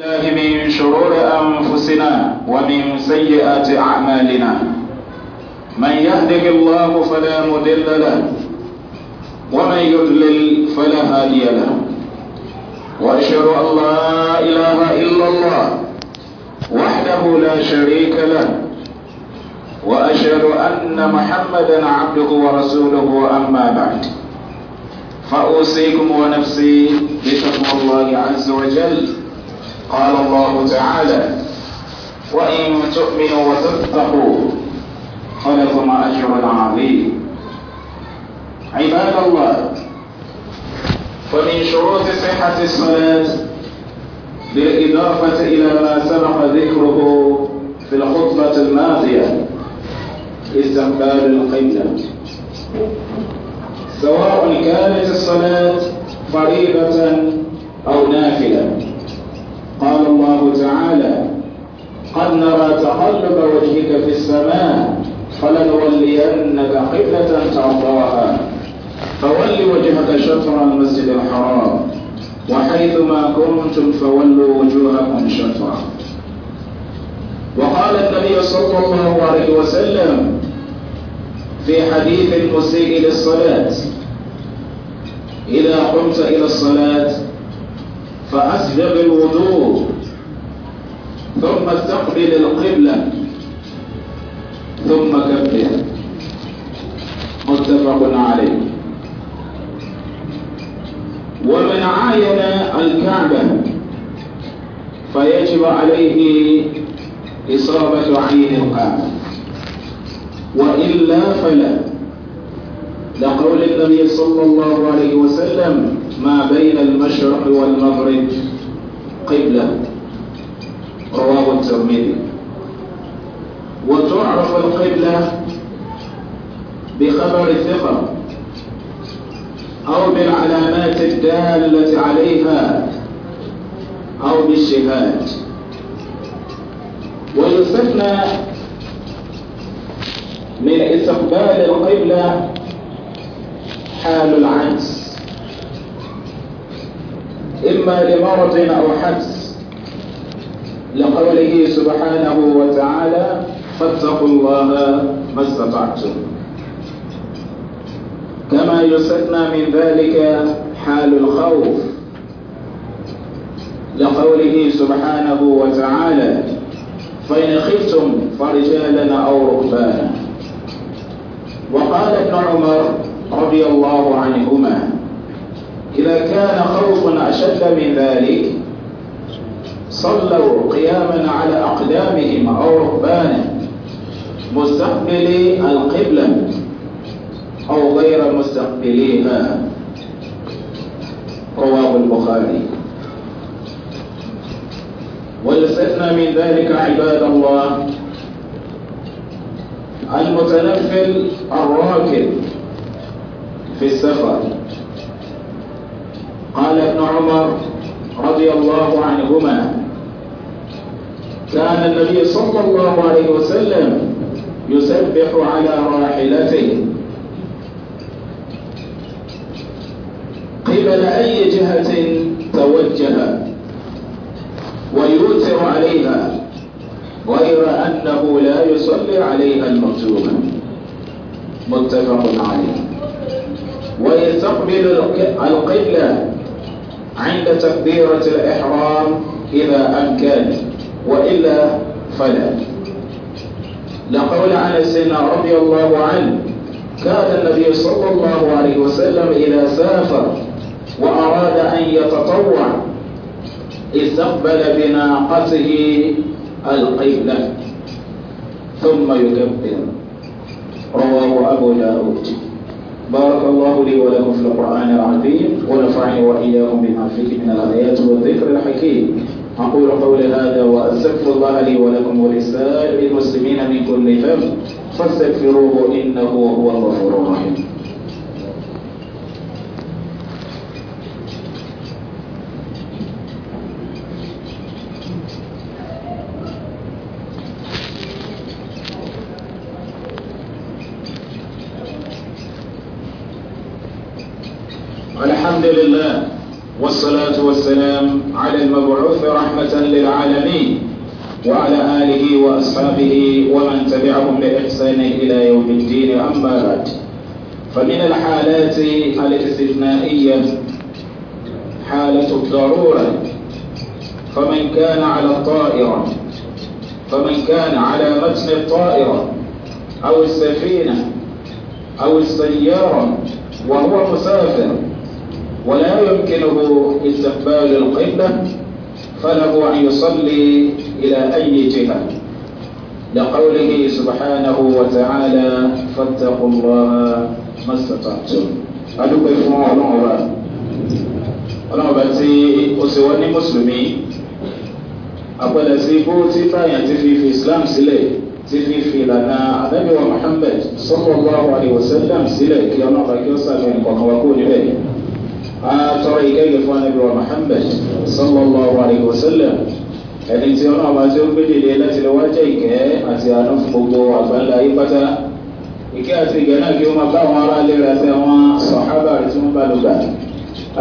الله من شرور أنفسنا ومن سيئات أعمالنا من يهده الله فلا مدل له ومن يدلل فلا هادي له وأشهد أن لا إله إلا الله وحده لا شريك له وأشهد أن محمدا عبده ورسوله أما بعد فأوصيكم ونفسي بتقوى الله عز وجل قال الله تعالى وإن تؤمنوا وتتقوا فلكم أجر عظيم عباد الله فمن شروط صحة الصلاة بالإضافة إلى ما سبق ذكره في الخطبة الماضية استقبال القبلة سواء كانت الصلاة فريضة أو نافلة قال الله تعالى قد نرى تقلب وجهك في السماء فلنولينك قبلة ترضاها فول وجهك شطر المسجد الحرام وحيثما كنتم فولوا وجوهكم شطرا وقال النبي صلى الله عليه وسلم في حديث المسيء للصلاة إذا قمت إلى الصلاة فأسبغ الوضوء ثم استقبل القبلة ثم كبر متفق عليه ومن عاين الكعبة فيجب عليه إصابة عين الكعبة وإلا فلا لقول النبي صلى الله عليه وسلم ما بين المشرق والمغرب قبلة رواه الترمذي وتعرف القبلة بخبر الثقة أو بالعلامات الدالة عليها أو بالشهاد ويستثنى من استقبال القبلة حال العجز إما لمرض أو حبس لقوله سبحانه وتعالى فاتقوا الله ما استطعتم كما يستثنى من ذلك حال الخوف لقوله سبحانه وتعالى فإن خفتم فرجالا أو ركبانا وقال ابن عمر رضي الله عنهما إذا كان خوف أشد من ذلك صلوا قياما على أقدامهم أو ركبانه مستقبلي القبلة أو غير مستقبليها رواه البخاري ولستنا من ذلك عباد الله المتنفل الراكب في السفر قال ابن عمر رضي الله عنهما كان النبي صلى الله عليه وسلم يسبح على راحلته قبل أي جهة توجه ويوتر عليها غير أنه لا يصلي عليها المكتوبة متفق عليه ويستقبل القبلة عند تكبيرة الإحرام إذا أمكن وإلا فلا لقول أنس رضي الله عنه كان النبي صلى الله عليه وسلم إذا سافر وأراد أن يتطوع استقبل بناقته القبلة ثم يكبر رواه أبو داود بارك الله لي ولكم في القرآن العظيم ونفعني وإياكم بما فيه من الآيات والذكر الحكيم أقول قولي هذا وأستغفر الله لي ولكم ولسائر المسلمين من كل ذنب فاستغفروه إنه هو الغفور الرحيم المبعوث رحمة للعالمين وعلى آله وأصحابه ومن تبعهم بإحسان إلى يوم الدين أما بعد فمن الحالات الاستثنائية حالة الضرورة فمن كان على الطائرة فمن كان على متن الطائرة أو السفينة أو السيارة وهو مسافر ولا يمكنه استقبال القبلة فله أن يصلي إلى أي جهة لقوله سبحانه وتعالى فاتقوا الله ما استطعتم أدوك فون الله ọlọ́mọba tí ó ṣe wọ́n ní mùsùlùmí àpẹẹrẹ sí bó tí báyàn ti fi fi islam sílẹ̀ ti fi fi ìlànà adájọ́ muhammed sọ́kọ̀ọ́ àwọn àríwọ̀sẹ́lẹ̀ sílẹ̀ kí ọlọ́mọba kí ó sàfihàn kọ̀ọ̀kan wá kúrò níbẹ̀ àtọrọ ìkẹyìn fún anábìrọ muhammed sọlọlọ àwàlẹ òsèlè ẹni tí ọlọ́run bá tí ó gbé dìde láti lè wá jẹ́ ìkẹ́ àti àánú fún gbogbo àgbáńlá yí pátá ìkẹ́ àti ìkẹ́ náà kí ó máa bá àwọn ará ilé rẹ̀ àti àwọn sọ̀hábà rẹ̀ tí wọ́n bá lò gbà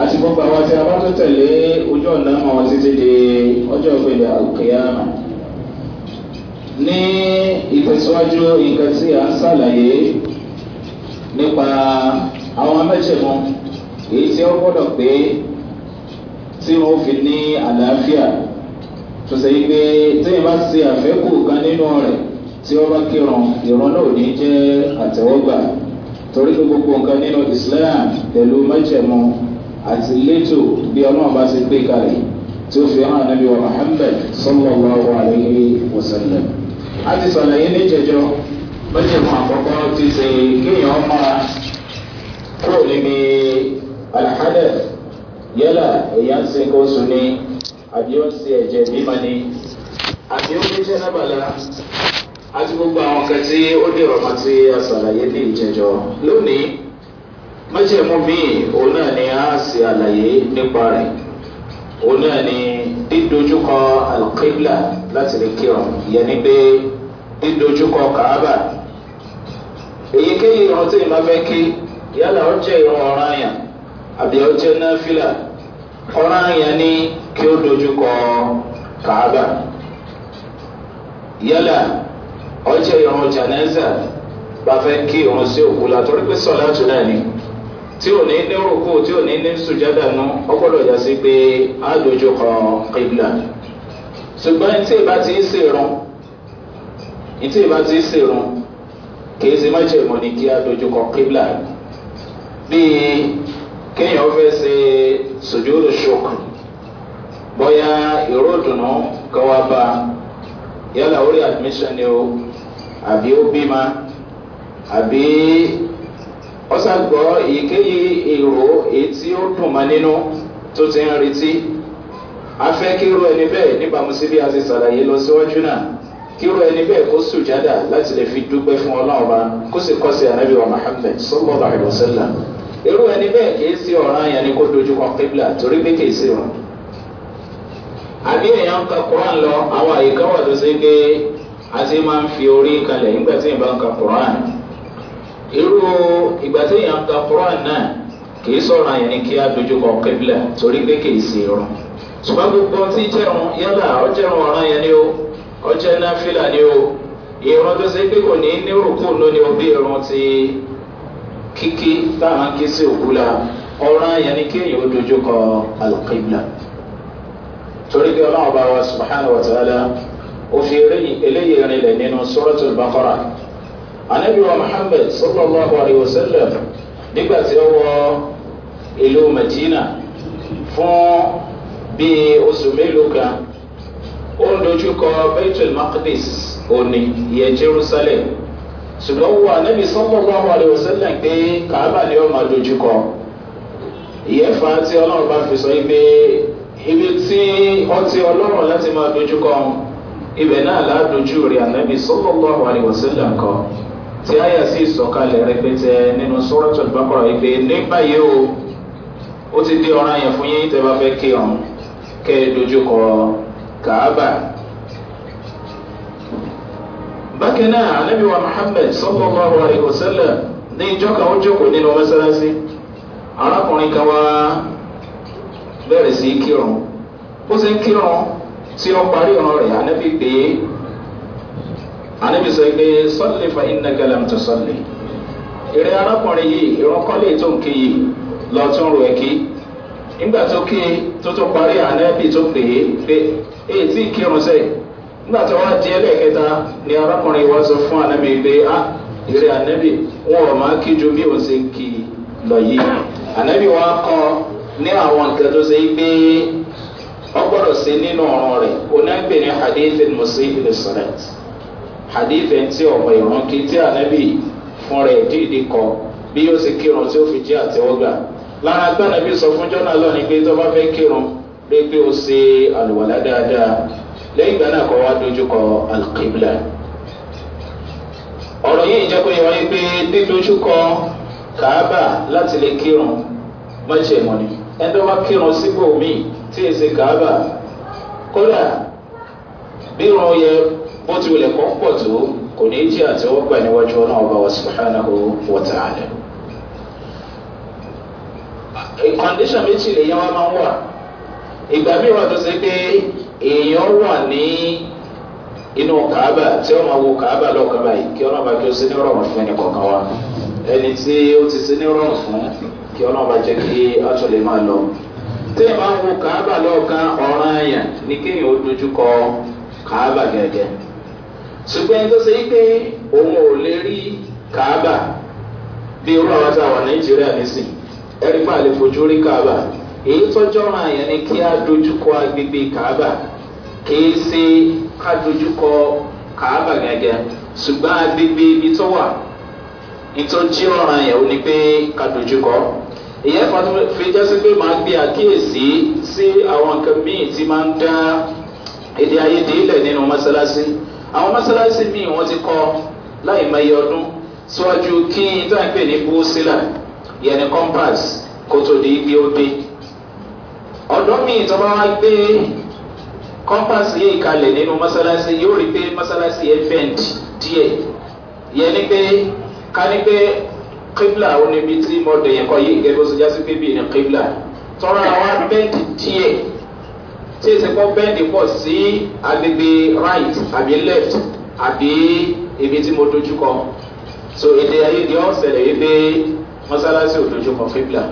àti gbogbo àwọn tí a bá tó tẹ̀lé ojú ọ̀nà àwọn títí di ọjọ́ ìpele àkèyàmà ní ìtẹ̀síwájú nǹkan tí a ń sàlàyé nípa àwọn mẹ́jẹ̀mú èyí tí ó gbọ́dọ̀ pé tí wọ́n fi ní àlàáfíà tó ṣe yí pé téèyàn bá ṣe àfẹ́kù kan nínú rẹ̀ tí wọ́n bá kírun ìran náà ní jẹ́ àtẹ̀wọ́gbà torí pé gbogbo nǹkan nínú islam pẹ̀lú mẹ́jẹ̀mú àti lẹ́tò bí ọlọ́run bá ṣe gbé kalẹ̀ tí ó fi hàn ànábi wa muhammed sallallahu alayhi wa sallam. a ti sọ̀rọ̀ yín ní jẹjọ mẹ́jẹ̀mú àkọ́kọ́ ti ṣe kéèyàn máa kúrò níbi alhadaf yálà èèyàn ń se kó sùn ní àbí ó ń se ẹ̀jẹ̀ bímọ ni àbí ó ń jẹ́ nábàlá àti gbogbo àwọn kan tí ó dèrò ọmọ tí a ṣàlàyé ní ìjẹjọ lónìí májèmú míì òun náà ni a ṣe àlàyé nípa rẹ̀ òun náà ni dídójúkọ alqibla láti lè kírun ìyẹn ni pé dídójúkọ kàábà èyíkéyìí ìrántí ìmọ̀fẹ́ kí yálà ó jẹ́ ìrún ọ̀ràn àbí ó jẹ́ náfìlà ọ̀ràn yẹn ni kí ó dojú kọ kàába yálà ó jẹ́ ìrun jàǹdà bá fẹ́ kí ìrun sí òkú la torí pé sọ̀lá tó náà ni tí ò ní ní rúkú tí ò ní ní sùjádà nù ọgbọ́dọ̀ yà sí pé á dojú kọ kíbla ṣùgbọ́n tí ìbá ti ń sèrun tí ìbá ti ń sèrun kìí ṣe májèmọ́ ni kí á dojú kọ kíbla bíi kéèyàn fẹ́ ṣe sojúdù ṣok bóyá ìró ìdùnnú kan wá bá yálà orí admission ni o àbí ó bímọ àbí ọ̀sàgbọ́ èyíkéyìí èrò èyí tí ó dùn mọ́ nínú tó ti ń retí afẹ́ kíró ẹni bẹ́ẹ̀ níbàámu sí bí a ti ṣàlàyé lọ síwájú náà kíró ẹni bẹ́ẹ̀ kó sùjádà láti lè fi dúpẹ́ fún ọlọ́run kó sì kọ́ sí ànábìwọ̀n mohammed sọ́kọ́ bàbá ìwọ̀sẹ́lá. irú ẹni bẹ́ẹ̀ kìí sí ọ̀ràn yẹn ni kó dojú kan kíbla torí pé kìí sí àbí èèyàn ń ka quran lọ àwọn àyíká wà tó ṣe a ti máa ń fi orí kalẹ̀ nígbà tí èèyàn bá ń ka quran. irú ìgbà tí èèyàn ń ka quran náà kìí ni kí a dojú kan kíbla torí pé kìí sí gbogbo tí yálà ọ̀ràn yẹn ni ni ìrọ̀ tó ṣe kò ní kíkí táwọn ké sí òkú la ọ̀ràn yẹn ni kéèyàn ó dojú kọ alùpùpù torí pé ọlọ́run bá wa subahana wa ta'ala ó fi eléyìí rinlẹ̀ nínú sọ́rọ́tò bàkọ́rà anabi wa muhammed sallallahu alayhi wa sallam nígbà tí ó wọ ìlú madina fún bíi oṣù mélòó kan ó ń dojú kọ baitul maqdis òní ìyẹn jerusalem ṣùgbọ́n wo anabi sọ́kọ̀ọ́kọ́ àwọn àlẹ́ òṣèlẹ̀ pé kàábà ni ó máa dojú kọ ìyẹn fa tí ọlọ́run bá fi sọ yí pé ibi tí ọtí ọlọ́run láti máa dojú kọ ibẹ̀ náà ládojú rẹ̀ anabi sọ́kọ̀ọ́kọ́ àwọn àlẹ́ òṣèlẹ̀ kọ tí àyà sì sọ̀kalẹ̀ rẹpẹtẹ nínú sọ́rọ̀tọ̀ ìbákọ̀rọ̀ yìí pé ní o ó ti dé ọ̀ràn yẹn fún yín tẹ́ bá fẹ́ kí ọ̀hún kẹ́ dojú kọ kàábà bákan náà anabi wa muhammed sallallahu alayhi wa sallam ní ìjọ kan ó jókòó nínú mọ́sálásí arákùnrin kan wá bẹ̀rẹ̀ sí kírun ó sì ń kírun tí ó parí ọ̀rọ̀ rẹ̀ anabi pé anabi sọ pé sọ́lẹ̀ fa iná galam tó sọ́lẹ̀ eré arákùnrin yìí ìrọ́kọ́lé tó ń ké yìí lọ́tún rò ẹ̀kí nígbà tó ké tó tó parí anabi tó pè é pé èyí tí kírun sẹ́yìn nígbà tí wọ́n di ẹlẹ́ẹ̀kẹta ni arákùnrin wa sọ fún anabi pé a ah, ìrẹ anabi wọn ò máa kí ju bí òun ṣe ń kí lọ yìí anabi wa kọ ní àwọn nǹkan tó ṣe gbé ọgbọ́dọ̀ sí nínú ọ̀ràn rẹ̀ onágbèrè hadith musi ilẹ̀sọ̀rẹ̀t hadith tí ọ̀pọ̀ ìran kí tí anabi fún rẹ̀ dìde kọ bí yóò ṣe kírun tí ó fi jẹ́ àtẹ́wọ́gbà lára gbọ́dọ̀ bí sọ fún jọ́nà lọ́ni pé tó bá fẹ́ kírun pé pé ó ṣe àlùwàlá dáadáa. lẹ́yìn ìgbà náà kọ́ wá dojúkọ alqibla ọ̀rọ̀ yìí jẹ́ pé wáyé pé dídojúkọ kàábà láti lè kírun mọ́jẹ̀mọ́ ni ẹ̀dọ́ wá kírun síbò tí èsì kàábà kódà bírun yẹ bó ti wulẹ̀ kọ́ pọ̀ tó kò ọba wa subhanahu wa ta'ala méjì máa ń wà ìgbà èèyàn wà ní inú kàába tí ó máa wo kàába lọ́kàn báyìí kí kí ó sí ní rọrùn fún ẹnì kọ̀ọ̀kan wa ẹni tí ó ti sí ní rọrùn fún kí ọlọ́ba jẹ́ kí á lè máa lọ. tí ẹ máa wo ọ̀ràn àyàn ni kéèyàn ó dojú kọ gẹ́gẹ́. ṣùgbọ́n ẹni tó ṣe pé òun ò lè rí bí a wà nàìjíríà nísìn kìí ṣe ká dojúkọ kàábà gàgà ṣùgbọ́n agbègbè ibi tó wà ìtọ́jú ọ̀ràn yẹn ò ní pé ká dojúkọ ìyẹn fi jásí pé màá gbé àkíyèsí sí àwọn nǹkan míì tí máa ń dá èdè ayédè ilẹ̀ nínú mọ́sálásí àwọn mọ́sálásí míì wọ́n ti kọ láì mẹ́yẹ ọdún síwájú kí n tó ń pè ní búúsílà yẹn ní compass kó tó di ibi ó dé ọ̀dọ́ míì tó wá gbé kọ́mpáàsì yìí kalẹ̀ nínú mọ́sálásí yóò rí pé mọ́sálásí ẹ bend díẹ̀ yẹn ni pé ká ní pé o ó níbi tí mo dẹ̀yẹ̀ kọ́ yìí gẹ́gẹ́ bó ṣe jásí pé bíi ní kíblà tọ́ra wa bend díẹ̀ tí èsì kọ́ bend pọ̀ sí agbègbè right àbí left àbí ibi tí mo dojú kọ so èdè ayédè ọ̀sẹ̀lẹ̀ yìí pé mọ́sálásí ò dojú kọ kíblà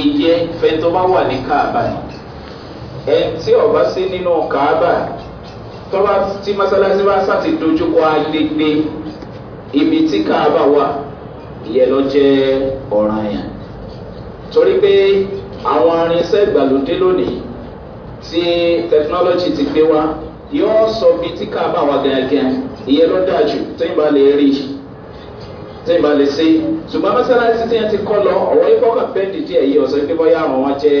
ìjẹ́ fẹ́ntọ́ bá wà ní káàbáyìí ẹni tí ọba sí nínú kaaba tọ́ba tí masalasi bá sá ti dojúkọ agbègbè ibi tí kaaba wà ìyẹn lọ jẹ́ ọ̀ràn yẹn torí pé àwọn arinṣẹ́ ìgbàlódé lónìí tí tẹkinọ́lọ́jì ti gbé wá yóò sọ bí tí kaaba wà gẹ́gẹ́ ìyẹn ló dáa jù bá lè rí tẹ́yìn bá lè ṣe ṣùgbọ́n masalasi tí wọ́n ti kọ́ lọ ọ̀rọ̀ yìí kọ́kọ́ bẹ́ẹ̀ dìde ẹ̀yẹ pé bọ́yá àwọn wọn jẹ́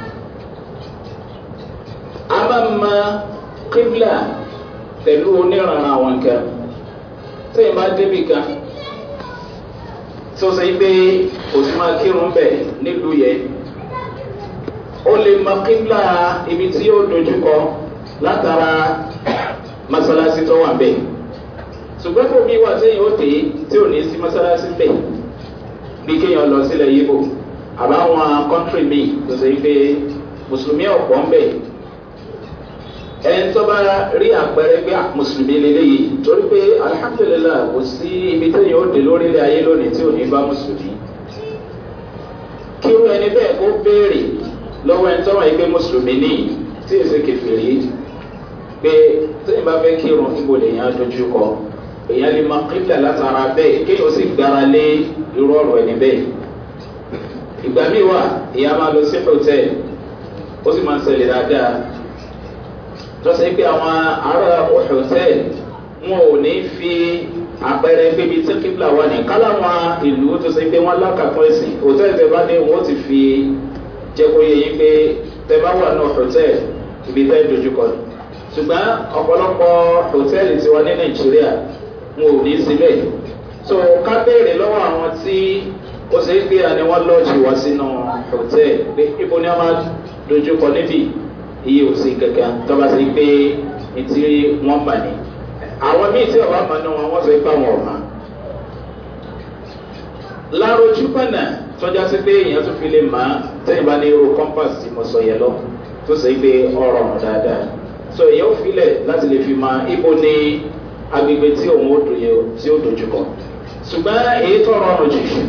bá ma kíblà pẹ̀lú oníranran àwọn nǹkan sẹ́yìn bá débi kan tí ó sọ pé kò sí máa kírun bẹ̀ nílùú yẹn ó lè ma kíblà ibi tí yóò dojú kọ látara masalasi tó wà bẹ́ẹ̀ ṣùgbọ́n kò bí wà sẹ́yìn ó tè é tí ò ní sí masalasi bẹ́ẹ̀ bí kéèyàn lọ sílẹ̀ yìí bò àbáwọn kọ́ńtírì míì tó sọ pé mùsùlùmí ọ̀pọ̀ ń bẹ̀ ẹni tó bá rí àpẹẹrẹ pé ah, mùsùlùmí lélẹ́yìí torí pé alihamudulilayi kò sí ibi tẹ́yìn ó dé lórí ilé ayé lónìí tí ò ní bá mùsùlùmí kí wọ́n ẹni bẹ́ẹ̀ kó béèrè lọ́wọ́ ẹni tó wà yìí pé mùsùlùmí ní tí èsì kẹfìrí pé tẹ́yìn bá fẹ́ kírun níbo lèyàn dojú kọ èyàn lè máa kíkà látara bẹ́ẹ̀ kí o sì gbára lé irú ọ̀rọ̀ ẹni bẹ́ẹ̀ ìgbà míì wà ìyá máa lọ sí hòtẹ́ẹ̀lì ó sì máa ń sẹlẹ̀ dáadáa tọ́sí pé àwọn ará òṣèlú wọn ò ní fi àpẹẹrẹ bíbi tí kíbla wà ní kálá wọn ìlú tó ṣe pé wọn lákàtún ẹsìn òtẹ́ẹ̀lì tẹ bá ní wọn ó ti fi jẹ kó yẹ yín pé tẹ bá wà náà òtẹ́ẹ̀lì ibi tẹ́ dojúkọ ni ṣùgbọ́n ọ̀pọ̀lọpọ̀ òtẹ́ẹ̀lì tiwa ní nàìjíríà wọn ò ní sílẹ̀ so ká béèrè lọ́wọ́ àwọn tí ó ṣe é pé àní lọ́ọ̀jì wá sínú òtẹ́ẹ̀lì pé ibo ni wọ́n máa dojúkọ níbí iye ò sí kankan tọ́ba sí pé etí wọ́n mà ní. àwọn míì tí ọba mà náà wọ́n sọ pé àwọn ọ̀ma. lárojú pọ̀nà tọ́já sí pé èèyàn tún fi lè mà á tẹ́yìn bá ní irú compass tí mo sọ yẹn lọ tó sì pé ọ̀rọ̀ ọ̀hún dáadáa. sọ èèyàn ò filẹ̀ láti lè fi ma ibo ní agbègbè tí òun ó dùn yẹn tí ó dojú kọ. ṣùgbọ́n èyí tó rọrùn jù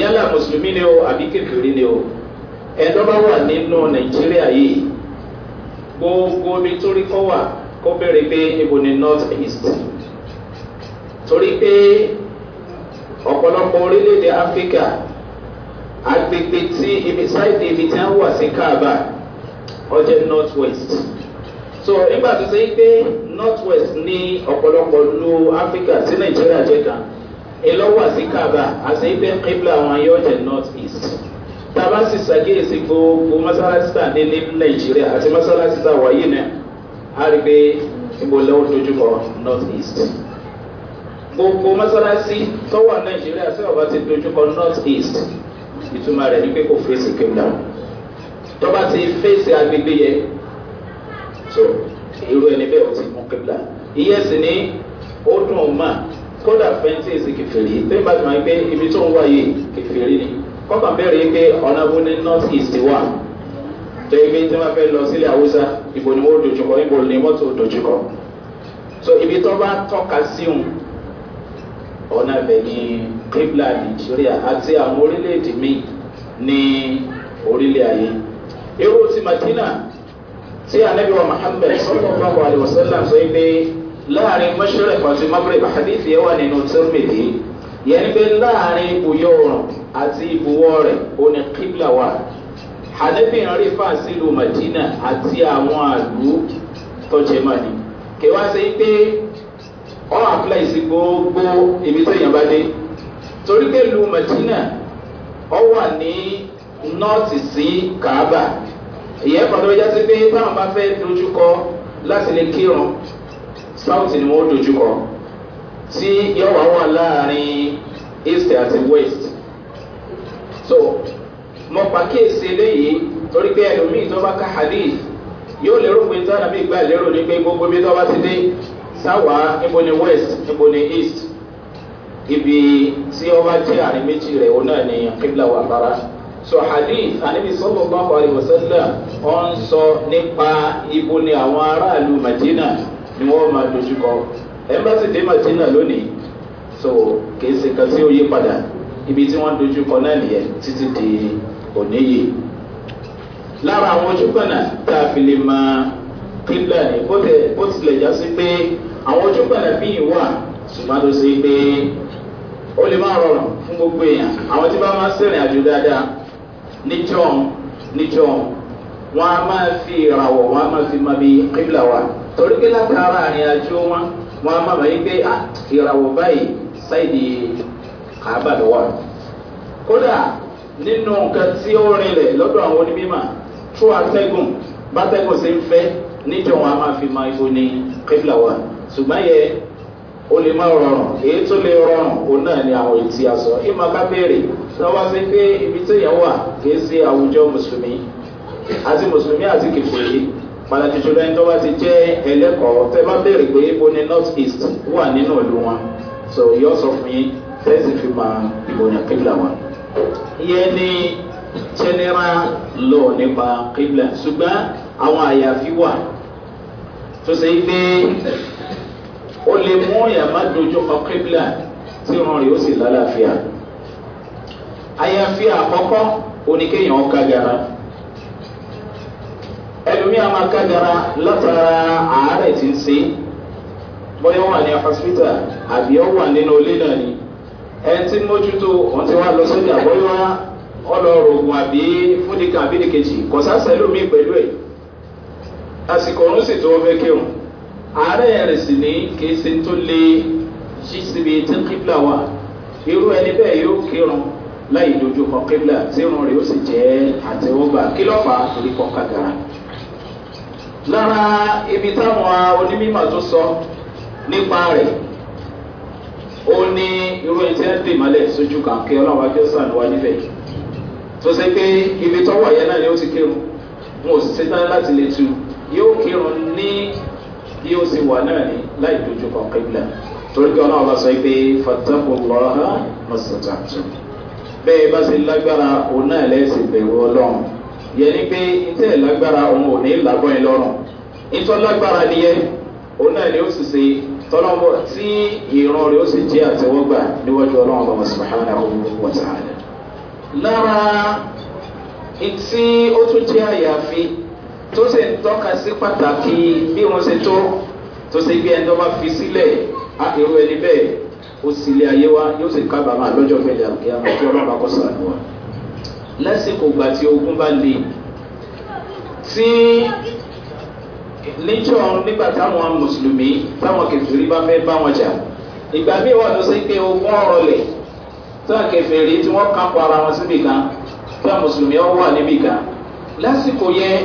yálà mùsùlùmí ni o àbí kékeré ni o ẹ̀dọ́ bá wà nínú nàìjíríà yìí gbogbo omi tó rí kọ́ wà kó bèrè pé ibo ni north east torí pé ọ̀pọ̀lọpọ̀ orílẹ̀-èdè áfíríkà agbègbè tí ibi sáìdì ibi tí wọ́n wà sí káàbà ọjọ́ north west so nígbà tó ṣe pé north west ní ọ̀pọ̀lọpọ̀ lu áfíríkà sí nàìjíríà jẹ́ kan ìlọ́wọ́ sí káàbà àti pé kíbla àwọn ayọ́jẹ̀ north east tàbá sì ṣàkíyèsí gbogbo mọ́sálásí tà ní ní nàìjíríà àti mọ́sálásí tà wáyé náà a ìbòlẹ́wò dojúkọ north east gbogbo mọ́sálásí tó wà nàìjíríà tí ọba ti dojúkọ north east ìtumọ̀ rẹ̀ ní pé kò fèsì kéwìlà tó ti fèsì agbègbè yẹn so irú ẹni bẹ́ẹ̀ ò ti mú kéwìlà ìyẹn sì ni ó dùn ún mà kódà fẹ́ntì èsì kẹfẹ́rì tó ń ibi tó ń wáyé kẹfẹ́rì ni kọ́kàn bẹ̀rẹ̀ yìí pé ọ̀nà wo ní north east wà tó yẹ pé tí wọ́n fẹ́ lọ sílẹ̀ haúsá ìbò ni wọ́n dojúkọ ìbò ni mọ́tò dojúkọ so ibi tó bá tọ́ka síhùn ọ̀nà ibẹ̀ ni kébìlà nàìjíríà àti àwọn orílẹ̀-èdè míì ní orílẹ̀ ayé irú ti madina tí anabiwa muhammed sallallahu alayhi wa sallam sọ yìí pé láàrin mọ́ṣẹ́rẹ̀ pàṣẹ magreb hadith yẹn wà nínú tẹ́rmìdì yẹn pé láàrin ìbòyọ ọrùn àti ìbòwọ rẹ òní kíbla wà hànẹ́bìn rí fàṣílù madina àti àwọn àlù tọ́jẹ́mánì kí wá sí pé ọ́ àpilẹ̀ sí gbogbo ibi tó yàn bá dé torí pé lu madina ọ wà ní nọ́ọ̀tì sí kaaba ìyẹn kan tó yá sí pé táwọn bá fẹ́ dojúkọ láti lè kírun south ni wọ́n dojúkọ tí yọ̀wá wà láàrin east àti west so mo pàkíyèsí eléyìí torí pé ẹlòmíì tó bá ká hadith yóò lérò pé tánà bí gbà lérò ní pé gbogbo bí tó bá ti dé sáwà níbo ni west níbo ni east ibi tí ọba jẹ àárín méjì rẹ òun náà ni kíbla wà bára so hadith anibi sọlọ bá parí wọsẹlẹ ọ ń sọ nípa ibo ni àwọn aráàlú madina ni wọn máa dojúkọ ẹmbásì dé madina lónìí so kìí ṣe kan tí ó yí padà ibi tí wọ́n dojú kọ náà nìyẹn títí di òní yìí lára àwọn ojúgbọ̀nà tá a fi lè mọ kílà ní bó tilẹ̀ já sí pé àwọn ojúgbọ̀nà bíi wà ṣùgbọ́n tó ṣe pé ó lè má rọrùn fún gbogbo èèyàn àwọn tí bá máa ń àjò dáadáa níjọ́ níjọ́ wọn a máa fi ìràwọ̀ wọn a máa fi mọ bí kílà wa torí kí látara àrìn àjò wọn wọn a máa mọ̀ yí pé ah ìràwọ̀ báyìí sáìdì kàábà ló wà. kódà nínú nǹkan tí ó rinlẹ̀ lọ́dọ̀ àwọn onímọ̀ tú atẹ́gùn bátẹ́gùn ṣe ń fẹ́ níjọ wọn a fi máa ibo ní kébìlà wa ṣùgbọ́n yẹ o lè má rọrùn èyí tó lè rọrùn òun náà ni àwọn ètí aṣọ ìmọ̀ ká béèrè lọ́wọ́ sí pé ibi tó yẹ wà kì í ṣe àwùjọ mùsùlùmí àti mùsùlùmí àti kìfòyè pàtàkì jùlọ ẹni tó bá ti jẹ́ ẹlẹ́kọ̀ọ́ tẹ bá béèrè pé ibo ni north east wà nínú ìlú wọn so yọ sọ fún yín tẹ́sí fi mọ ìbò ní kíbla wọn. ìyẹn ni general law nípa kíbla ṣùgbọ́n àwọn àyàfi wà tó ṣe é pé ó lè mú ìyàmá dojú kọ kíbla tí wọn rí ó sì lálàáfíà. àyàfi àkọ́kọ́ oníkéèyàn ọ̀ka gara ẹlòmíì a máa kádàrà látara àárẹ̀ tí ń ṣe bóyá wà ní hospital àbí ọ wà nínú ilé náà ni ẹni tí mójútó òun ti wá lọ sójà bóyá ọlọrọ ogun àbí fúnìkan àbí nìkejì kò sáṣẹ ẹlòmíì pẹ̀lú ẹ̀ àsìkò ọ̀run sì tó wọ́n fẹ́ kírun àárẹ̀ rẹ̀ sì ní kì í ṣe tó lé jí síbi tí kíbla wà irú ẹni bẹ́ẹ̀ yóò kírun láì dojú kọ kíbla tí irun rẹ̀ ó sì jẹ́ àtẹwọ́gbà kí torí kọ́ kàgàrà lára ibi táwọn onímọ̀ tó sọ nípa rẹ̀ ó ní irú ẹtí ẹ̀ ń dè mọ́lẹ̀ sójú kàǹkẹ́ ọlọ́run ajọ́ sàn wá níbẹ̀ tó ṣe pé ibi tọ́wọ̀ yẹn náà ni ó ti kírun wọn sì ṣe tán láti lè tu yóò kírun ní bí ó ṣe wà náà ni láì dojú kan kébìlà torí pé ọlọ́run bá sọ pé fatahu lọ́ha mọ̀sátàtù bẹ́ẹ̀ bá ṣe lágbára òun náà lẹ́sìn bẹ̀rù ọlọ́run yẹ ni pé ntẹ́ lágbára òun ò ní làgbọ́n yẹn lọ́rùn ntọ́ lágbára nìyẹn òun ni ó sì ṣe tọ́lọ́mọ tí ìran rẹ̀ ó sì jẹ́ àtẹwọ́gbà níwájú ọlọ́run bàbá subahana wa ta'ala. lára tí ó tún jẹ́ àyàfi tó sì ń tọ́ka sí pàtàkì bí wọ́n ṣe tó tó ṣe gbé ẹni tó bá fi sílẹ̀ á irú ẹni bẹ́ẹ̀ ó sì lé ayé wa yóò sì kábàámà lọ́jọ́ gbẹ̀dẹ̀ àkíyàmọ́ tí ọlọ́run bá kọ́ sàánú wa lásìkò ìgbà tí ogun bá le tí níjọ nígbà táwọn mùsùlùmí táwọn kẹfìrí bá fẹ́ bá wọn jà ìgbà míì wà ló ṣe pé ogun ọ̀rọ̀ lẹ̀ táwọn kẹfìrí tí wọ́n kápọ̀ ara wọn síbì kan táwọn mùsùlùmí ọ̀ wà níbì kan lásìkò yẹn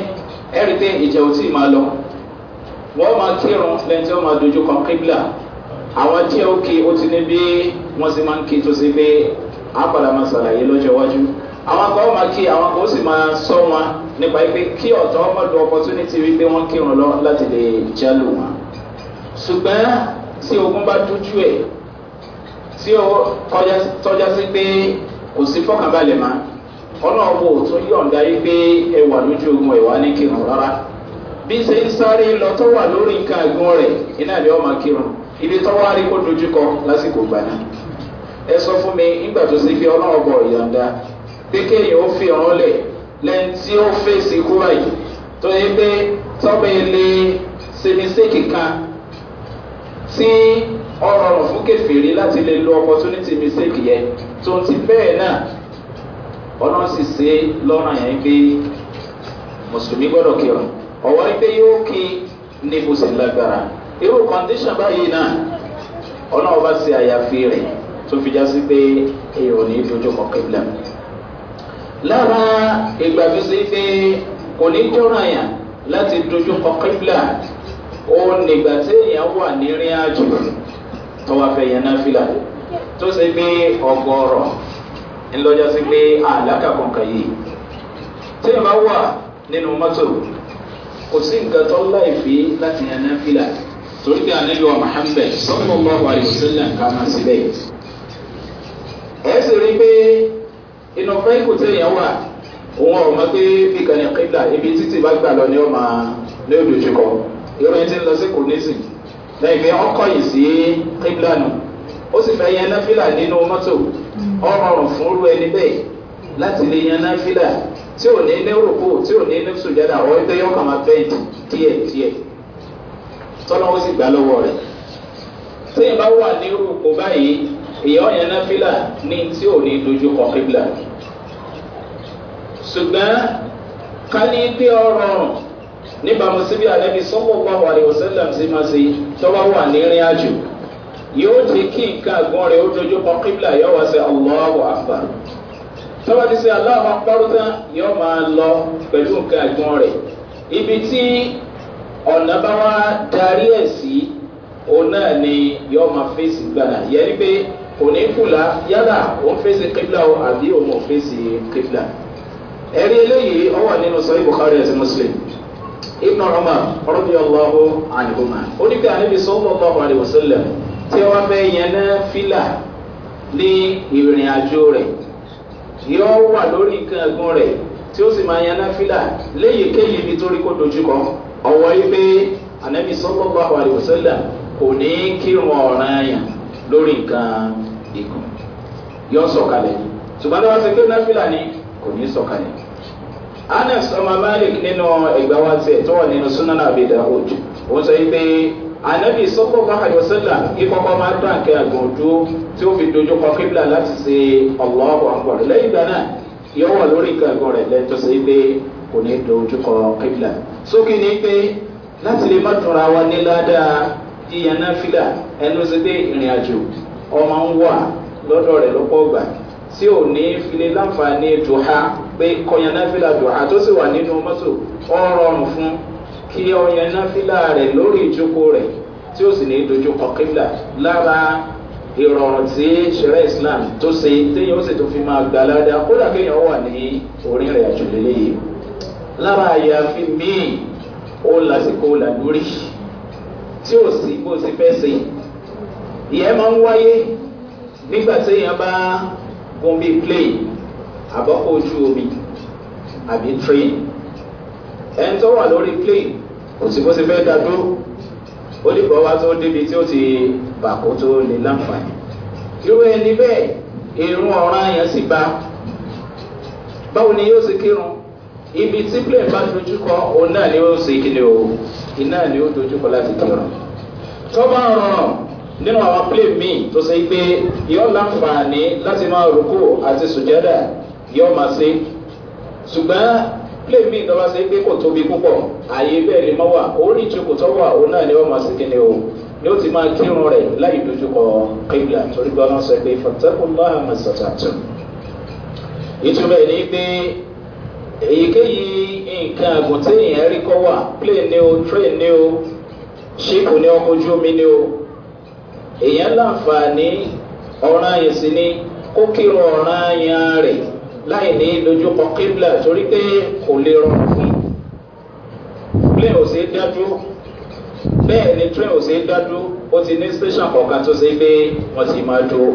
ẹ̀rí pé ìjà ò tí ì máa lọ wọ́n máa kírun lẹ́yìn tí wọ́n máa dojú kan kíbla àwọn tí ó kí ó ti ní bí wọ́n sì máa ń kí tó ṣe pé á máa ṣàlàyé lọ́jọ́ iwájú. àwọn ka ó máa kí àwọn kan sì máa sọ wọn nípa pé kí ọtọ ọmọ opportunity wípé wọ́n kírun lọ láti lè jálò wọn. ṣùgbọ́n tí ogun bá dójú ẹ̀ tí ó tọ́já sí pé kò sí fọ́kànbalẹ̀ mọ́ ọlọ́run ò tún yọ̀ǹda yí ẹ wà ogun ẹ̀ wá ní kírun rárá. bí ṣe ń sáré lọ tó wà lórí nǹkan àgbọn rẹ̀ iná ìlú ọmọ kírun ibi tọ́wọ́ á rí kó kọ lásìkò gbà náà ẹ sọ fún mi tó ṣe bí kéèyàn ó fi ọ̀rọ̀ lẹ̀ lẹ́yìn tí ó fèsì kúrò yìí tó yẹ pé tọ́mọ ilé sèmísèkì kan tí ọ̀rọ̀ ọ̀rọ̀ fún kẹfìrí láti lè lo opportunity mistake yẹn tó ti bẹ́ẹ̀ náà ọlọ́run sì ṣe lọ́rùn yẹn pé mùsùlùmí gbọ́dọ̀ kí ọ ọ̀wọ́ ni pé yóò kí ní kò sì lágbára irú condition báyìí náà ọlọ́run bá ṣe àyàfi rẹ̀ tó fi já sí pé èèyàn ò ní dojú kọ kébìlà lára ìgbà tó ṣe pé kò ní jọ́ràn yàn láti dojú kọ kíbla òun nígbà tí èèyàn wà ní rìn àjò tó wá fẹ́ yẹn náà fìlà tó ṣe pé ọgọ́rọ̀ ńlọ́jà sí pé àlàkà kọ̀ọ̀kan yìí tí èèyàn bá wà nínú mọ́tò kò sí nǹkan tó láì fi láti yẹn náà fìlà torí pé àlejò muhammed sọ́kùnmọ́ wà lè sílẹ̀ ká máa síbẹ̀ ẹ̀ sì rí pé inú fẹ́ẹ́kù tí èèyàn wà òun ọ̀rọ̀ mọ́ pé bí kan ní kíkà ibi títì bá gbà lọ ni ó máa ní olùjúkọ ìròyìn tí ń lọ sí kò nísì lẹ́yìn pé ọkọ̀ yìí sí kíkà nù ó sì fẹ́ yan náfìlà nínú mọ́tò ọrọ̀rùn fún rú ẹni bẹ́ẹ̀ láti lè yan náfìlà tí ò ní ní rògbò tí ò ní ní sùjádà ọ̀ ẹgbẹ́ yóò kà máa bẹ́ẹ̀ díẹ̀ díẹ̀ tọ́lọ́wọ́ sì gbà lọ́wọ́ rẹ̀ tí ìbá wà ní rògbò báyìí ìyá ọ̀yàn náfìlà ní tí ò ní dojú kọ kíbla ṣùgbọ́n ká ní pé ọ̀rọ̀ níbàámu síbi àlẹ́bí sọ́kòkò àwọn àlèwòsílẹ̀m sí máa ṣe tọ́wọ́ wà ní rìn àjò yóò jẹ́ kí nǹkan àgbọ̀n rẹ̀ ó dojú kọ kíbla yóò wá sí ọlọ́wọ́ àgbà tọ́wọ́ ti ṣe aláwọ̀ párúdá yóò máa lọ pẹ̀lú nǹkan àgbọ̀n rẹ̀ ibi tí ọ̀nà bá wá darí ẹ̀ sí òun náà ni yóò máa fèsì gbàdá yẹ́nì pé kò ní kùlà yálà òun fèsì kíblà o àbí òun ò fèsì kíblà ẹ̀rí eléyìí ọ wà nínú sọ ibùkárí àti muslim ibn umar rọ́bì ọlọ́hu àdìgúnmá ó ní pé àníbi sọ́mọ́ ọlọ́hu àdìgúnsílẹ̀ tí wọ́n fẹ́ yẹn ná fílà ní ìrìn àjò rẹ̀ yóò wà lórí nǹkan ẹ̀gbọ́n rẹ̀ tí ó sì máa yẹn ná fílà léyìíkéyìí ibi tó rí kó dojúkọ ọ̀wọ́ yìí àníbi sọ́mọ́ ọlọ́hu àdìgúnsílẹ̀ kò ní kírun ọ̀ràn yàn lórí nǹkan yọ sọ̀kalẹ̀ ṣùgbọ́n náà ṣe pé náfìlà ni kò ní sọ̀kalẹ̀. anas ọmọ malik nínú ẹgbẹ́ wa tiẹ̀ tó wà nínú sunan abid ahud òun sọ pé anabi sọ́kọ̀ bá ayọ̀ sẹ́là kí kọ́kọ́ máa dán kẹ́ àgbọ̀n ojú tí ó fi dojú kọ kíbla láti ṣe ọlọ́ọ̀bọ̀ àgbọ̀n lẹ́yìn ìgbà náà yọ wà lórí ìkàgbọ̀n rẹ̀ lẹ́tọ́ sí pé kò ní dojú kọ kíbla. sókè ní pé láti lè má tura wa ní ládàá yíyan náfìlà ẹnu sí pé ìrìn àjò ọmọ ń wà lọ́dọ̀ rẹ̀ lọ́pọ̀ ọgbà tí ò ní file láǹfààní dùhà pé kọyàn náfìlà dùhà tó sì wà nínú mọ́tò ó rọrùn fún kí ọyàn náfìlà rẹ̀ lórí ìjókòó rẹ̀ tí ó sì ní dojú kọ kíbla lára ìrọ̀rùn tí ṣẹlẹ̀ islam tó ṣe téèyàn ó sì tó fi máa gbà ládàá kódà kéèyàn wà ní orí rẹ̀ àjùlélẹ̀ yìí lára àyàfi míì ó lásìkò làlórí tí ò sí bó ti fẹ́ ṣe ìyẹn máa ń wáyé nígbà téèyàn bá gun bíi plane àbọ̀kọ̀ ojú omi àbí train ẹni tó wà lórí plane kò sí bó ti fẹ́ dá dúró ó lè bọ́ wá tó débi tí ó ti bàkó tó lè láǹfààní irú ẹni bẹ́ẹ̀ irun ọ̀ràn yẹn sì bá báwo ni yóò ṣe kírun ibi tí plane bá dojú kọ òun náà ni ó ṣe kíni o iná ni ó dojú kọ láti kírun tó bá rọrùn nínú àwọn plane míì tó ṣe pé yọ láǹfààní láti máa rúkú àti sùjádà yọ máa ṣe ṣùgbọ́n plane míì tó bá ṣe pé kò tóbi púpọ̀ ààyè bẹ́ẹ̀ ni wọ́n wà orí ìtukù tó wà òun náà ni wọ́n máa ṣe kíni o ni ó ti máa kírun rẹ̀ láì dojúkọ kébìlà torí pé wọ́n sọ pé fàtẹ́kùnlá àmì sàtàtù ìtumọ̀ ẹ̀ ní pé èyíkéyìí nǹkan àgùntẹ́yìn ẹ̀rí wà plane ni o train ni o ṣéèkù ni ọkọ̀ ojú omi ni o èèyàn láǹfààní ọ̀ràn yìí sí ni kó kírun ọ̀ràn yẹn rẹ̀ láì ní dojúkọ kíbla torí pé kò lè rọrùn fún un plane ò sí dájú bẹ́ẹ̀ ni train ò sí dájú ó ti ní station kọ̀ọ̀kan tó ṣe pé wọ́n ti máa dúró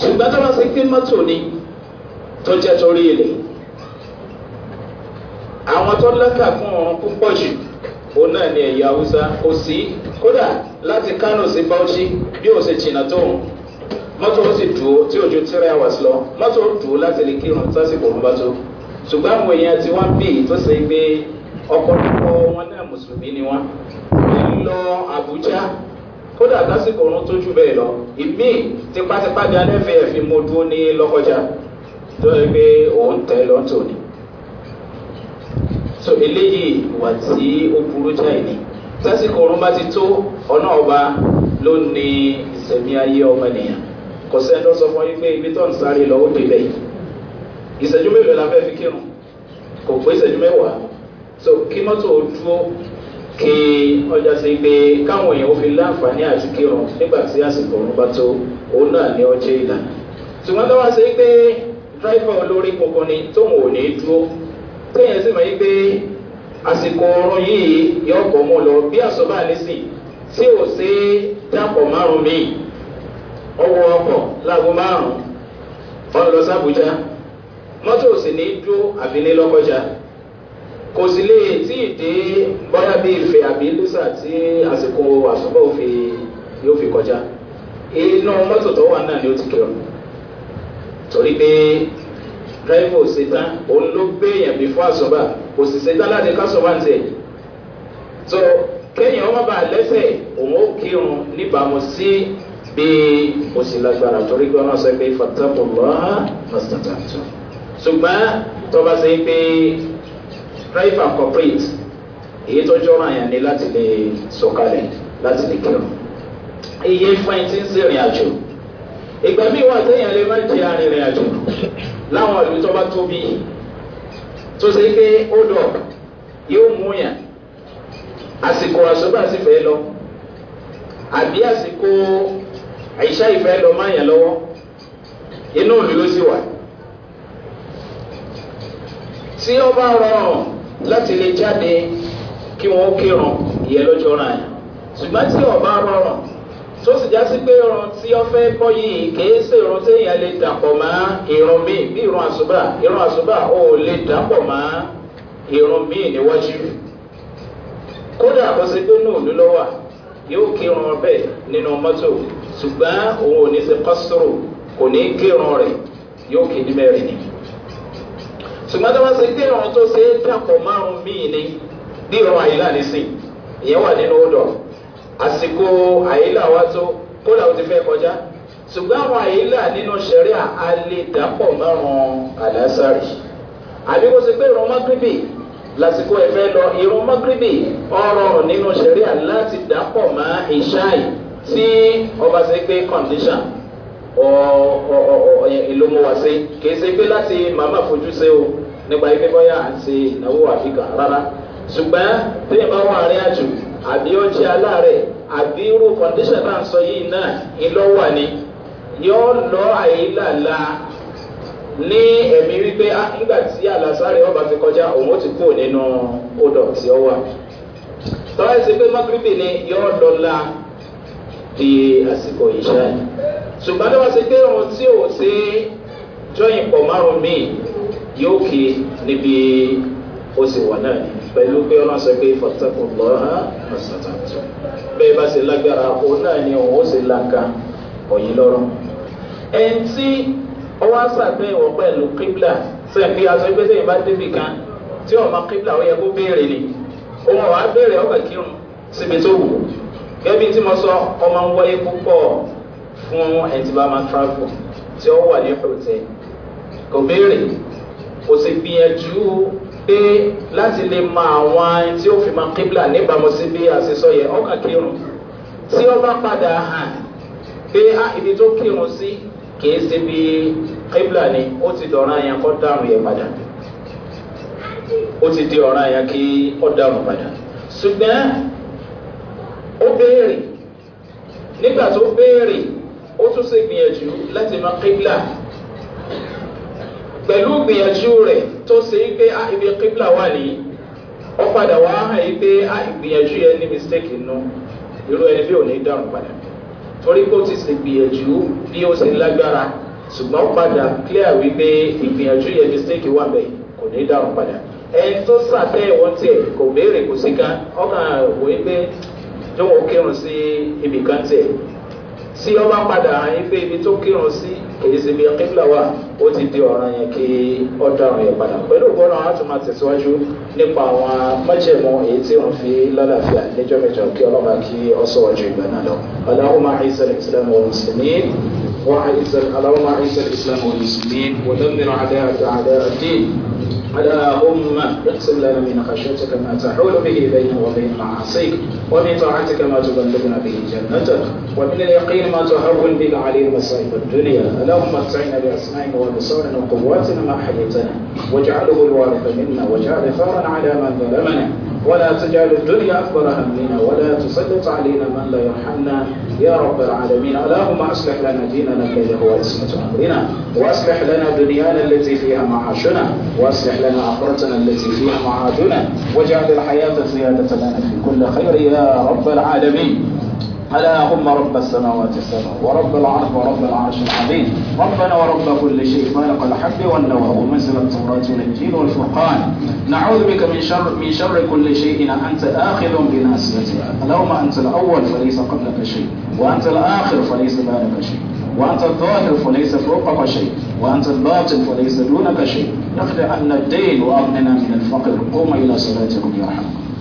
ṣùgbọ́n tó bá ṣe pé mọ́tò ni tó jẹ́ torí ilẹ̀ àwọn tó lákàkún ọ̀run púpọ̀ jù òun náà ni ẹ̀yà haúsá kò sí kódà láti kánò sí bauchi bí ó ṣe jìnnà tó ń mọ́tò ó sì dùn ó tí òjò tẹ́rẹ́ àwàsí lọ mọ́tò ó dùn ó láti lè kírun sásìkò òun bá tó ṣùgbọ́n àwọn èèyàn tí wọ́n bì tó ṣe gbé ọ̀pọ̀lọpọ̀ wọn náà mùsùlùmí ni wọ́n ń lọ àbújá kódà lásìkò òun tó jù bẹ́ẹ̀ lọ ìmí tipátipá di alẹ́fẹ̀ẹ́ fi mo dúró ní lọ́kọjá tó ṣe gbé òun tẹ́ lọ́tò ni. so eléyìí ìwà tí ó burú jáì ni tásìkò ọ̀run bá ti tó ọ̀nà ọba ló ní ìsẹ̀mí ayé ọmọnìyàn kò sẹ́ńdọ́ sọ fún yín pé ibi tó ń sáré lọ ó débẹ̀ yìí ìṣẹ́jú mélòó la fẹ́ fi kírun kò pé ìṣẹ́jú mẹ́wàá so kí mọ́tò dúró kí ọjà sí pé káwọn èèyàn ó fi láǹfààní àti kírun nígbà tí àsìkò ọ̀run bá tó òun náà ní ọjọ́ ìlànà ṣùgbọ́n tó wá sí pé dráìfà olórí kankan ni tóun ò ní dúró téèyàn sì mọ̀ yí pé àsìkò ọrùn yìí yọ ọkọ̀ mọ́ lọ bí àsọ̀bà nísìn tí ò sí dàpọ̀ márùn mi ọwọ́ ọkọ̀ láago márùn wọn lọ sàbújá mọ́tò sì ní dúró àbí ní lọ́kọjá kò sì lè tí ì dé bọ́yá bí ìfẹ́ àbí lùsà tí àsìkò àsọ̀bà òfin yóò fi kọjá inú mọ́tò tó wà náà ni ó ti kẹrọ torí pé dráìvò ṣetán òun ló gbé èèyàn bí fún àsọ̀bà kò sì ṣetán láti ká sọ wáǹtì ẹ̀ so kéèyàn ọmọ bá lẹ́sẹ̀ òun ó kírun níbàámu sí bí o sì lágbára torí gbọ́n náà sọ pé fatakùnlọ́ mọ̀sítàtàtù ṣùgbọ́n tọ́ba ṣe pé driver corporate èyí tó jọ́ràn yẹn ni láti lè sọ̀kalẹ̀ láti lè kírun iye fún ẹni tí ń sèrìn àjò ìgbà míì wà téèyàn lè má jẹ arìnrìn àjò láwọn ìlú tó bá tóbi yìí tó ṣe pé ó dọ̀ yóò mú yàn àsìkò àṣọ́bà sì fẹ́ lọ àbí àsìkò àìṣá ìfẹ́ lọ má yàn lọ́wọ́ inú òní ló sì wà. tí ó bá rọrùn láti lè jáde kí wọ́n kírun ìyẹn lọ́jọ́ ra ṣùgbọ́n tí ó bá rọrùn tó sì já sí pé irun tí ó fẹ́ bọ́ yìí kìí ṣe irun tí èèyàn lè dàpọ̀ mọ́ irun míì bí irun àṣùbà irun àṣùbà ò lè dàpọ̀ mọ́ irun míì níwájú kódà kó sì pé nùlú lọ́wọ́ yóò kírun ọbẹ̀ nínú mọ́tò ṣùgbọ́n òun ò ní ṣe kọ́sùrù kò ní kírun rẹ̀ yóò kí ní mẹ́rin ni ṣùgbọ́n tó bá ṣe kírun tó ṣe é dàpọ̀ márùn-ún míì ni bí irun àyílà ní sìn ìyẹn wà nínú ó dọ̀ọ́ àsìkò àyílà wa tó kódà ó ti fẹ́ kọjá ṣùgbọ́n àwọn àyílà nínú sẹ̀ríà a lè dàpọ̀ márùn-ún àlásàrì àbí kó ṣe pé ìrun mọ́gíríbì lásìkò ẹ̀fẹ́ lọ ìrun mọ́gíríbì ọ̀rọ̀ nínú sẹ̀ríà láti dàpọ̀ mọ́ ìṣáì tí ọba ṣe pé condition ìlú mu wá sí kì í ṣe pé láti màmá fojú sí o nípa ibi bọ́yá àti ìnáwó àfikà rárá ṣùgbọ́n tí ìbáwọ̀ àárín àjò àbí ó jẹ́ aláàrẹ̀ àbí irú kọ̀ǹdíṣàn náà sọ yìí náà ìlọ́wà ni yóò lọ àyílàlà ní ẹ̀mí wípé ah, nígbà tí àlàsáré ọba ti kọjá òun ó ti kúrò nínú odò tí ó wà tọ́lá ṣe pé mọ́kìrìbì ni yóò lọ la di àsìkò ìṣe ṣùgbọ́n tó bá ṣe pé ohun tí ò ṣe jọyìn pọ̀ márùn-ún míì yóò kí níbi ó sì wọ̀ náà ni pẹ̀lú pé ọ̀nà sọ pé fọ́tàkùn lọ́hán ọ̀sàtàtù bẹ́ẹ̀ bá ṣe lágbára òun náà ni òun ó ṣe lànkà ọ̀yìn lọ́rọ̀ ẹni tí ọwọ́ àṣàgbé ìwọ̀ pẹ̀lú kíblà sẹ́yìn pé aṣọ ẹgbẹ́ sẹ́yìn bá débì kan tí ọ̀ma kíblà ó yẹ kó béèrè ni òun ọ̀wá béèrè ọkà kírun síbi tó wù gẹ́bí tí mo sọ ọmọ ń wáyé púpọ̀ fún ẹni tí bá máa travel tí ó wà ní ọ̀tẹ̀ kò béèrè kò sì gbìyànjú pé láti lè mọ àwọn tí ó fi máa kíblà níbàámu sí bí àṣìṣọ yẹ ọkà kírun tí ó bá padà hàn pé á ah, ibi tó kírun sí kìí ṣe bí kíblà ni ó ti dọ̀ràn yẹn kó dáhùn yẹn padà ó ti di ọ̀ràn yẹn kí ó dáhùn padà ṣùgbọ́n ó béèrè nígbà tó béèrè ó tún ṣe gbìyànjú láti mọ kíblà pẹ̀lú gbìyànjú rẹ̀ tó ṣe é pé ah, ibi kíbla wà ní ọ padà wá hàn yí pé ah, ìgbìyànjú yẹn ní mistake nù irú ẹni bí ò ní dàrú padà torí kó ti ṣe gbìyànjú bí ó ṣe lágbára ṣùgbọ́n padà clear wípé ìgbìyànjú yẹn mistake wà bẹ́ẹ̀ kò ní dàrú padà ẹni tó sàtẹ́ ìwọ́n tiẹ̀ kò béèrè kò sí kan ọkàn wò ó pé tó wọ́n kírun sí ibì kan tiẹ̀ tí ọba padà àyín pé ibi tó kírun sí kìí ṣe bí ọkẹ́fìlà wà ó ti di ọ̀ràn yẹn kí ọ̀daràn yẹn padà pẹ̀lú ìgbọ́nà láti máa tẹ̀síwájú nípa àwọn májẹ̀mú èyí tí wọ́n fi lálàáfíà níjọ́ mẹ́jọ kí ọlọ́ba kí ọsọ ọjọ́ ìgbà náà lọ. aláwọ̀má àìsàn ìsìlámù mùsùlùmí wà àìsàn aláwọ̀má àìsàn ìsìlámù mùsùlùmí wọ́n dẹ́mìíràn àdáyà àdáyà dín اللهم اقسم لنا من خشيتك ما تحول به بيننا وبين معاصيك ومن طاعتك ما تبلغنا به جنتك ومن اليقين ما تهون به علينا مصائب الدنيا اللهم اتعنا باسمائنا وبصرنا وقواتنا ما حييتنا واجعله الوارث منا واجعل ثارا على من ظلمنا ولا تجعل الدنيا أكبر همنا ولا تسلط علينا من لا يرحمنا يا رب العالمين اللهم أصلح لنا ديننا الذي هو عصمة أمرنا وأصلح لنا دنيانا التي فيها معاشنا وأصلح لنا آخرتنا التي فيها معادنا واجعل الحياة زيادة لنا في كل خير يا رب العالمين اللهم رب السماوات السبع ورب العرش ورب العرش العظيم ربنا ورب كل شيء خالق الحب والنوى ومنزل التوراة والإنجيل والفرقان نعوذ بك من شر من شر كل شيء إن أنت آخذ بناصيتها اللهم أنت الأول فليس قبلك شيء وأنت الآخر فليس بعدك شيء وأنت الظاهر فليس فوقك شيء وأنت الباطن فليس دونك شيء اخلع عنا الدين وأغننا من الفقر قوم إلى صلاتكم يرحمكم